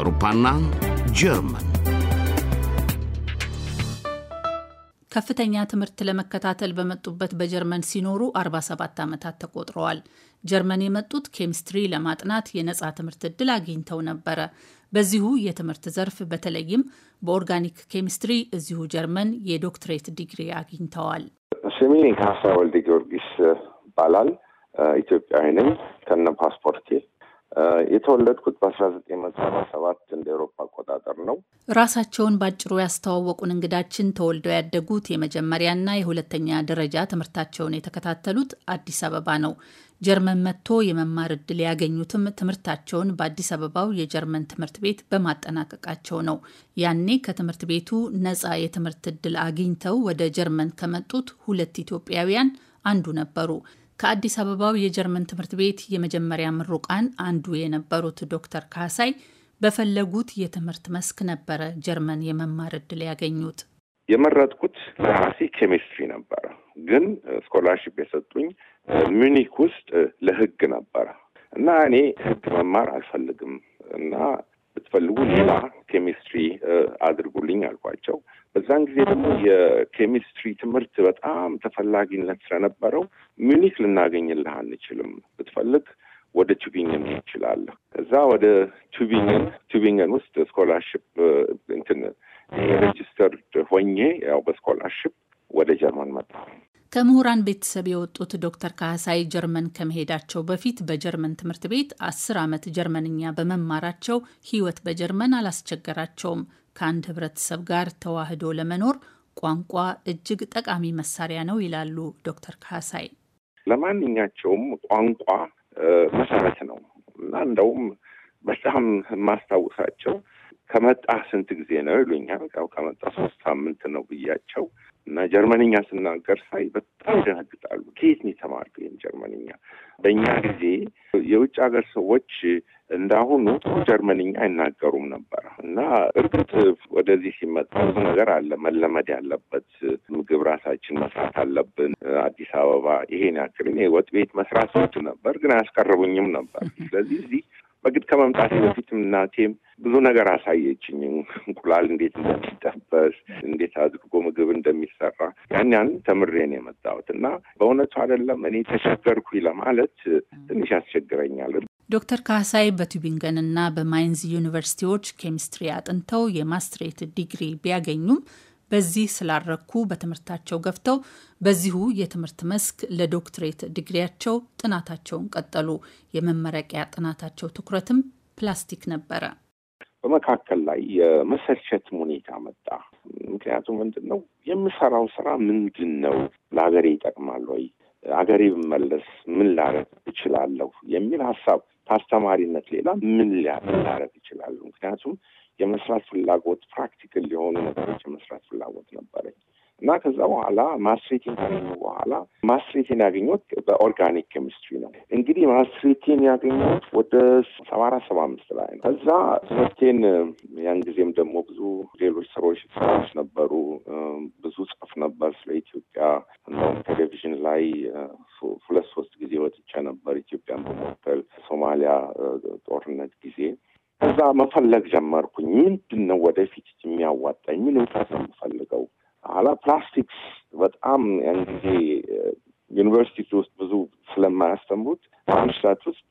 አውሮፓና ጀርመን ከፍተኛ ትምህርት ለመከታተል በመጡበት በጀርመን ሲኖሩ 47 ዓመታት ተቆጥረዋል። ጀርመን የመጡት ኬሚስትሪ ለማጥናት የነፃ ትምህርት ዕድል አግኝተው ነበረ። በዚሁ የትምህርት ዘርፍ በተለይም በኦርጋኒክ ኬሚስትሪ እዚሁ ጀርመን የዶክትሬት ዲግሪ አግኝተዋል። ስሜ ካሳ ወልደ ጊዮርጊስ ይባላል። ኢትዮጵያዊ ነኝ ከነ ፓስፖርቴ የተወለድኩት በአስራ ዘጠኝ መቶ ሰባ ሰባት እንደ ኤሮፓ አቆጣጠር ነው። ራሳቸውን ባጭሩ ያስተዋወቁን እንግዳችን ተወልደው ያደጉት የመጀመሪያና የሁለተኛ ደረጃ ትምህርታቸውን የተከታተሉት አዲስ አበባ ነው። ጀርመን መጥቶ የመማር እድል ያገኙትም ትምህርታቸውን በአዲስ አበባው የጀርመን ትምህርት ቤት በማጠናቀቃቸው ነው። ያኔ ከትምህርት ቤቱ ነጻ የትምህርት እድል አግኝተው ወደ ጀርመን ከመጡት ሁለት ኢትዮጵያውያን አንዱ ነበሩ። ከአዲስ አበባው የጀርመን ትምህርት ቤት የመጀመሪያ ምሩቃን አንዱ የነበሩት ዶክተር ካሳይ በፈለጉት የትምህርት መስክ ነበረ ጀርመን የመማር እድል ያገኙት። የመረጥኩት ለራሴ ኬሚስትሪ ነበረ፣ ግን ስኮላርሽፕ የሰጡኝ ሚኒክ ውስጥ ለህግ ነበረ እና እኔ ህግ መማር አልፈልግም እና ብትፈልጉ ሌላ ኬሚስትሪ አድርጉልኝ አልኳቸው። በዛን ጊዜ ደግሞ የኬሚስትሪ ትምህርት በጣም ተፈላጊነት ስለነበረው ሚኒክ ልናገኝልህ አንችልም፣ ብትፈልግ ወደ ቱቢንገን ይችላለሁ። ከዛ ወደ ቱቢንገን ቱቢንገን ውስጥ ስኮላርሽፕ እንትን ሬጅስተርድ ሆኜ ያው በስኮላርሽፕ ወደ ጀርመን መጣሁ። ከምሁራን ቤተሰብ የወጡት ዶክተር ካህሳይ ጀርመን ከመሄዳቸው በፊት በጀርመን ትምህርት ቤት አስር ዓመት ጀርመንኛ በመማራቸው ሕይወት በጀርመን አላስቸገራቸውም። ከአንድ ህብረተሰብ ጋር ተዋህዶ ለመኖር ቋንቋ እጅግ ጠቃሚ መሳሪያ ነው ይላሉ ዶክተር ካህሳይ። ለማንኛቸውም ቋንቋ መሰረት ነው እና እንደውም በጣም የማስታውሳቸው ከመጣ ስንት ጊዜ ነው ይሉኛል። ያው ከመጣ ሶስት ሳምንት ነው ብያቸው እና ጀርመንኛ ስናገር ሳይ በጣም ይደነግጣሉ። ከየት ነው የተማርከው ይህን ጀርመንኛ? በእኛ ጊዜ የውጭ ሀገር ሰዎች እንዳሁኑ ጥሩ ጀርመንኛ አይናገሩም ነበር እና እርግጥ ወደዚህ ሲመጣ ብዙ ነገር አለ መለመድ ያለበት። ምግብ ራሳችን መስራት አለብን። አዲስ አበባ ይሄን ያክል ወጥ ቤት መስራት ሰዎች ነበር፣ ግን አያስቀርቡኝም ነበር። ስለዚህ እዚህ በግድ ከመምጣት በፊት እናቴም ብዙ ነገር አሳየችኝ። እንቁላል እንዴት እንደሚጠበስ፣ እንዴት አድርጎ ምግብ እንደሚሰራ ያን ያን ተምሬን ነው የመጣሁት እና በእውነቱ አይደለም እኔ ተቸገርኩኝ ለማለት ትንሽ ያስቸግረኛል። ዶክተር በቱቢንገን በቱቢንገንና በማይንዝ ዩኒቨርሲቲዎች ኬሚስትሪ አጥንተው የማስትሬት ዲግሪ ቢያገኙም በዚህ ስላረኩ በትምህርታቸው ገፍተው በዚሁ የትምህርት መስክ ለዶክትሬት ዲግሪያቸው ጥናታቸውን ቀጠሉ። የመመረቂያ ጥናታቸው ትኩረትም ፕላስቲክ ነበረ። በመካከል ላይ የመሰልቸት ሁኔታ መጣ። ምክንያቱም ምንድን ነው የምሰራው ስራ ምንድን ነው? ለሀገሬ ይጠቅማል ወይ? አገሬ ብመለስ ምን ላረግ እችላለሁ? የሚል ሀሳብ ከአስተማሪነት ሌላ ምን ላረግ እችላለሁ? ምክንያቱም የመስራት ፍላጎት ፕራክቲካል የሆኑ ነገሮች የመስራት ፍላጎት ነበረኝ እና ከዛ በኋላ ማስትሬቴን ካገኙ በኋላ ማስትሬቴን ያገኘት በኦርጋኒክ ኬሚስትሪ ነው። እንግዲህ ማስትሬቴን ያገኘት ወደ ሰባ አራት ሰባ አምስት ላይ ነው። ከዛ ትምህርቴን ያን ጊዜም ደግሞ ብዙ ሌሎች ስራዎች ስራዎች ነበሩ። ብዙ ጽፍ ነበር ስለ ኢትዮጵያ። እንደውም ቴሌቪዥን ላይ ሁለት ሶስት ጊዜ ወጥቼ ነበር ኢትዮጵያን በመወከል ሶማሊያ ጦርነት ጊዜ ከዛ መፈለግ ጀመርኩኝ። ምንድን ነው ወደፊት የሚያዋጣኝ? ምን እውቀት ነው የምፈልገው? ኋላ ፕላስቲክስ በጣም ያን ጊዜ ዩኒቨርሲቲ ውስጥ ብዙ ስለማያስተምሩት ማንሽታት ውስጥ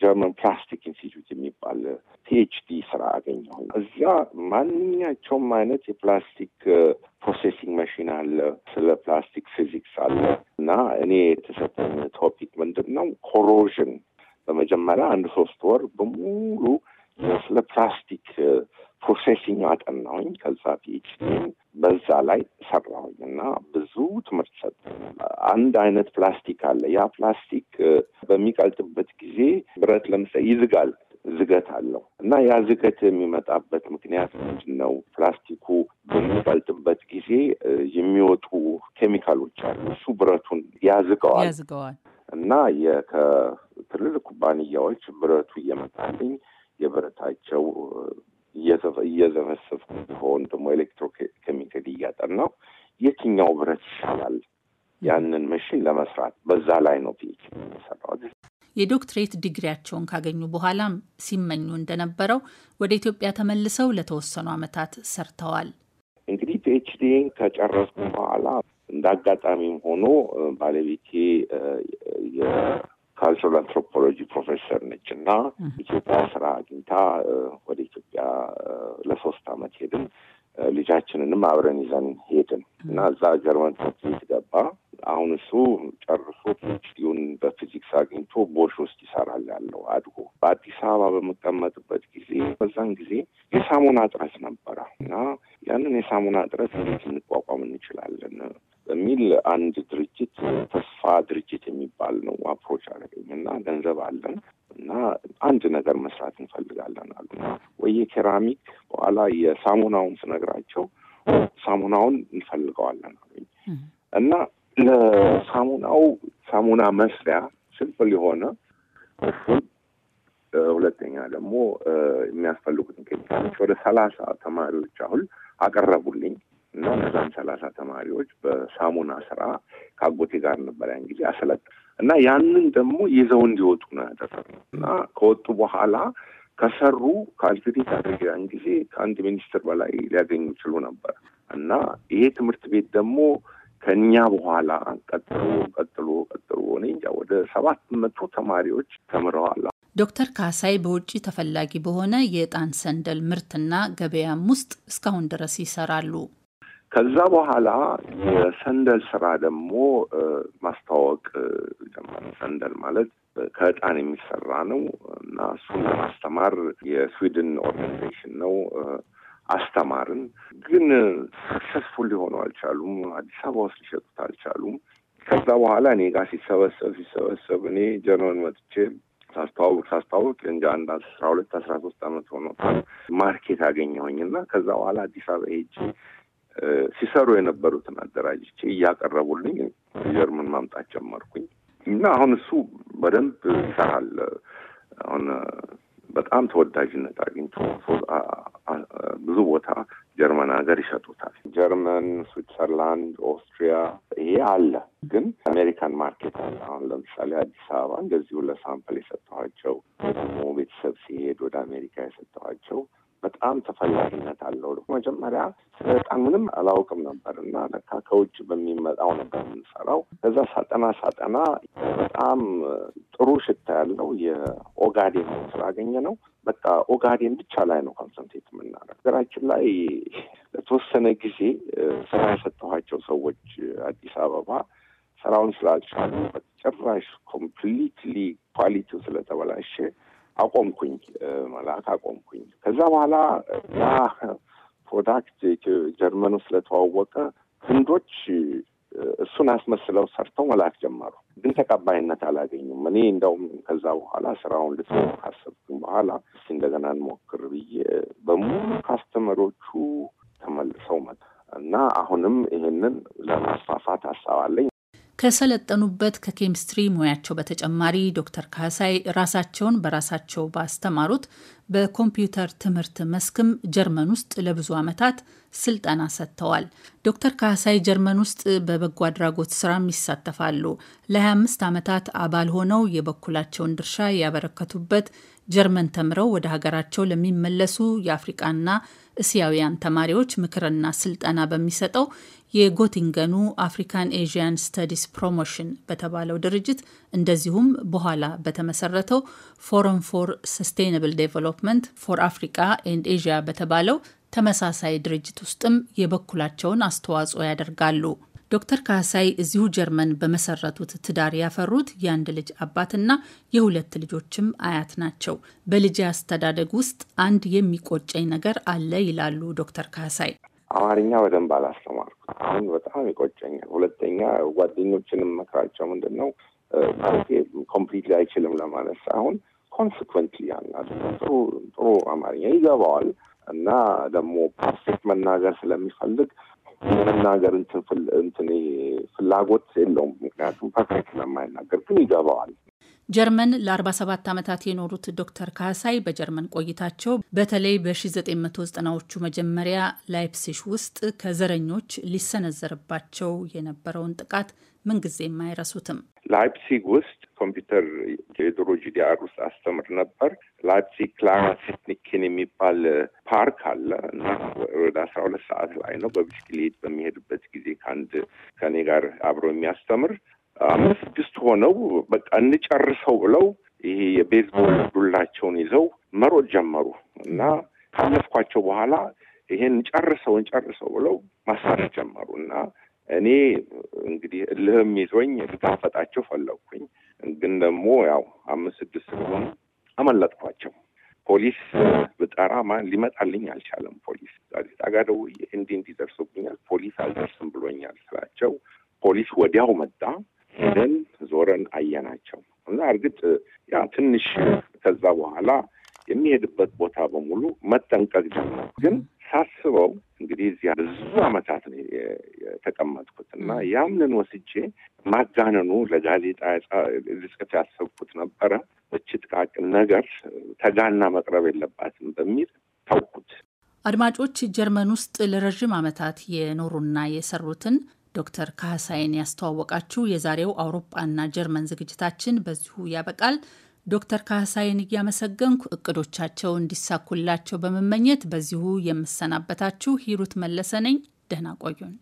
ጀርመን ፕላስቲክ ኢንስቲትዩት የሚባል ፒኤችዲ ስራ አገኘሁ። እዚያ ማንኛቸውም አይነት የፕላስቲክ ፕሮሴሲንግ መሽን አለ፣ ስለ ፕላስቲክ ፊዚክስ አለ እና እኔ የተሰጠን ቶፒክ ምንድን ነው ኮሮዥን በመጀመሪያ አንድ ሶስት ወር በሙሉ ስለ ፕላስቲክ ፕሮሴሲንግ አጠናሁኝ። ከዛ ፒኤችዲን በዛ ላይ ሰራሁኝ እና ብዙ ትምህርት ሰጥ። አንድ አይነት ፕላስቲክ አለ። ያ ፕላስቲክ በሚቀልጥበት ጊዜ ብረት ለምሳሌ ይዝጋል፣ ዝገት አለው እና ያ ዝገት የሚመጣበት ምክንያት ምንድን ነው? ፕላስቲኩ በሚቀልጥበት ጊዜ የሚወጡ ኬሚካሎች አሉ። እሱ ብረቱን ያዝገዋል ያዝገዋል እና ትልልቅ ኩባንያዎች ብረቱ እየመጣልኝ የብረታቸው እየዘፈሰፍኩ ቢሆን ደግሞ ኤሌክትሮኬሚካል እያጠናው የትኛው ብረት ይሻላል ያንን መሽን ለመስራት በዛ ላይ ነው ፒች የሰራው። የዶክትሬት ዲግሪያቸውን ካገኙ በኋላም ሲመኙ እንደነበረው ወደ ኢትዮጵያ ተመልሰው ለተወሰኑ ዓመታት ሰርተዋል። እንግዲህ ፒኤችዲን ከጨረስኩ በኋላ እንደ አጋጣሚም ሆኖ ባለቤቴ ካልቸራል አንትሮፖሎጂ ፕሮፌሰር ነች እና ኢትዮጵያ ስራ አግኝታ ወደ ኢትዮጵያ ለሶስት አመት ሄድን። ልጃችንንም አብረን ይዘን ሄድን እና እዛ ጀርመን ትምህርት ቤት ገባ። አሁን እሱ ጨርሶ ፒኤችዲውን በፊዚክስ አግኝቶ ቦሽ ውስጥ ይሰራል ያለው አድጎ በአዲስ አበባ በምቀመጥበት ጊዜ በዛን ጊዜ የሳሙና እጥረት ነበረ እና ያንን የሳሙና እጥረት እንዴት እንቋቋም እንችላለን በሚል አንድ ድርጅት ሳሙናውን ስነግራቸው ሳሙናውን እንፈልገዋለን አሉኝ እና ለሳሙናው ሳሙና መስሪያ ሲምፕል የሆነ ሁለተኛ ደግሞ የሚያስፈልጉትን ኬሚካሎች ወደ ሰላሳ ተማሪዎች አሁን አቀረቡልኝ እና እነዛም ሰላሳ ተማሪዎች በሳሙና ስራ ከአጎቴ ጋር ነበር ያን ጊዜ አሰለጥ እና ያንን ደግሞ ይዘው እንዲወጡ ነው ያደረግነው እና ከወጡ በኋላ ከሰሩ ካልቲቬት አድርገ ጊዜ ከአንድ ሚኒስትር በላይ ሊያገኙ ችሉ ነበር እና ይሄ ትምህርት ቤት ደግሞ ከኛ በኋላ ቀጥሎ ቀጥሎ ቀጥሎ ሆነ እንጃ ወደ ሰባት መቶ ተማሪዎች ተምረዋል። ዶክተር ካሳይ በውጭ ተፈላጊ በሆነ የእጣን ሰንደል ምርትና ገበያም ውስጥ እስካሁን ድረስ ይሰራሉ። ከዛ በኋላ የሰንደል ስራ ደግሞ ማስተዋወቅ ጀመረ። ሰንደል ማለት ከእጣን የሚሰራ ነው። እና እሱን ለማስተማር የስዊድን ኦርጋናይዜሽን ነው አስተማርን። ግን ሰክሰስፉል ሊሆኑ አልቻሉም። አዲስ አበባ ውስጥ ሊሸጡት አልቻሉም። ከዛ በኋላ እኔ ጋር ሲሰበሰብ ሲሰበሰብ እኔ ጀርመን መጥቼ ሳስተዋውቅ ሳስተዋውቅ እንደ አንድ አስራ ሁለት አስራ ሶስት አመት ሆኖታል ማርኬት አገኘሁኝ እና ከዛ በኋላ አዲስ አበባ ሄጄ ሲሰሩ የነበሩትን አደራጅቼ እያቀረቡልኝ ጀርመን ማምጣት ጀመርኩኝ እና አሁን እሱ በደንብ ይሰራል። አሁን በጣም ተወዳጅነት አግኝቶ ብዙ ቦታ ጀርመን ሀገር ይሸጡታል። ጀርመን፣ ስዊትዘርላንድ፣ ኦስትሪያ ይሄ አለ። ግን አሜሪካን ማርኬት አለ። አሁን ለምሳሌ አዲስ አበባ እንደዚሁ ለሳምፕል የሰጠኋቸው ደግሞ ቤተሰብ ሲሄድ ወደ አሜሪካ የሰጠኋቸው በጣም ተፈላጊነት አለው። መጀመሪያ በጣም ምንም አላውቅም ነበር እና ለካ ከውጭ በሚመጣው ነበር የምንሰራው። ከዛ ሳጠና ሳጠና በጣም ጥሩ ሽታ ያለው የኦጋዴን ስራ አገኘ ነው። በቃ ኦጋዴን ብቻ ላይ ነው ኮንሰንትሬት የምናደርግ። ሀገራችን ላይ ለተወሰነ ጊዜ ስራ የሰጠኋቸው ሰዎች አዲስ አበባ ስራውን ስላልቻሉ በጭራሽ ኮምፕሊትሊ ኳሊቲው ስለተበላሸ አቆምኩኝ መላክ አቆምኩኝ። ከዛ በኋላ ያ ፕሮዳክት ጀርመኑ ስለተዋወቀ ህንዶች እሱን አስመስለው ሰርተው መላክ ጀመሩ። ግን ተቀባይነት አላገኙም። እኔ እንደውም ከዛ በኋላ ስራውን ልትሆን ካሰብኩኝ በኋላ እስኪ እንደገና እንሞክር ብዬ በሙሉ ካስተመሮቹ ተመልሰው መጣ እና አሁንም ይሄንን ለማስፋፋት አሳባለኝ። ከሰለጠኑበት ከኬሚስትሪ ሙያቸው በተጨማሪ ዶክተር ካሳይ ራሳቸውን በራሳቸው ባስተማሩት በኮምፒውተር ትምህርት መስክም ጀርመን ውስጥ ለብዙ ዓመታት ስልጠና ሰጥተዋል። ዶክተር ካሳይ ጀርመን ውስጥ በበጎ አድራጎት ስራም ይሳተፋሉ። ለ25 ዓመታት አባል ሆነው የበኩላቸውን ድርሻ ያበረከቱበት ጀርመን ተምረው ወደ ሀገራቸው ለሚመለሱ የአፍሪቃና እስያውያን ተማሪዎች ምክርና ስልጠና በሚሰጠው የጎቲንገኑ አፍሪካን ኤዥያን ስተዲስ ፕሮሞሽን በተባለው ድርጅት እንደዚሁም በኋላ በተመሰረተው ፎረም ፎር ሰስቴናብል ዴቨሎፕመንት ፎር አፍሪካ ኤንድ ኤዥያ በተባለው ተመሳሳይ ድርጅት ውስጥም የበኩላቸውን አስተዋጽኦ ያደርጋሉ። ዶክተር ካሳይ እዚሁ ጀርመን በመሰረቱት ትዳር ያፈሩት የአንድ ልጅ አባትና የሁለት ልጆችም አያት ናቸው። በልጅ አስተዳደግ ውስጥ አንድ የሚቆጨኝ ነገር አለ ይላሉ ዶክተር ካሳይ። አማርኛ በደንብ አላስተማርኩ። አሁን በጣም ይቆጨኛል። ሁለተኛ ጓደኞችንም መክራቸው ምንድን ነው ኮምፕሊት አይችልም ለማለት ሳይሆን ኮንስኩንትሊ ያናል ጥሩ ጥሩ አማርኛ ይገባዋል እና ደግሞ ፐርፌክት መናገር ስለሚፈልግ የመናገር እንትን እንትን ፍላጎት የለውም። ምክንያቱም ፐርፌክት ስለማይናገር ግን ይገባዋል። ጀርመን ለ47 ዓመታት የኖሩት ዶክተር ካሳይ በጀርመን ቆይታቸው በተለይ በ1990ዎቹ መጀመሪያ ላይፕሲሽ ውስጥ ከዘረኞች ሊሰነዘርባቸው የነበረውን ጥቃት ምንጊዜም አይረሱትም። ላይፕሲግ ውስጥ ኮምፒውተር የድሮ ጂዲአር ውስጥ አስተምር ነበር። ላይፕሲግ ክላራ ሴትኒኪን የሚባል ፓርክ አለ እና ወደ አስራ ሁለት ሰዓት ላይ ነው በብስክሌት በሚሄድበት ጊዜ ከአንድ ከኔ ጋር አብሮ የሚያስተምር አምስት ስድስት ሆነው በቃ እንጨርሰው ብለው ይሄ የቤዝቦል ዱላቸውን ይዘው መሮጥ ጀመሩ እና ካለፍኳቸው በኋላ ይሄን ጨርሰው እንጨርሰው ብለው ማሳረፍ ጀመሩ እና እኔ እንግዲህ እልህም ይዞኝ ልጋፈጣቸው ፈለግኩኝ፣ ግን ደግሞ ያው አምስት ስድስት ስለሆኑ አመለጥኳቸው። ፖሊስ ብጠራ ማን ሊመጣልኝ አልቻለም። ፖሊስ ጋዜጣ ጋር ደውዬ እንዲህ እንዲህ ደርሶብኛል ፖሊስ አልደርስም ብሎኛል ስላቸው ፖሊስ ወዲያው መጣ። ሄደን ዞረን አየናቸው እና እርግጥ ያ ትንሽ ከዛ በኋላ የሚሄድበት ቦታ በሙሉ መጠንቀቅ ጀመር። ግን ሳስበው እንግዲህ እዚያ ብዙ አመታት ነው የተቀመጥኩት እና ያምንን ወስጄ ማጋነኑ ለጋዜጣ ልጽፍ ያሰብኩት ነበረ። እች ጥቃቅን ነገር ተጋና መቅረብ የለባትም በሚል ታውኩት። አድማጮች፣ ጀርመን ውስጥ ለረዥም አመታት የኖሩና የሰሩትን ዶክተር ካህሳይን ያስተዋወቃችሁ የዛሬው አውሮፓና ጀርመን ዝግጅታችን በዚሁ ያበቃል። ዶክተር ካህሳይን እያመሰገንኩ እቅዶቻቸው እንዲሳኩላቸው በመመኘት በዚሁ የምሰናበታችሁ ሂሩት መለሰ ነኝ። ደህና ቆዩን።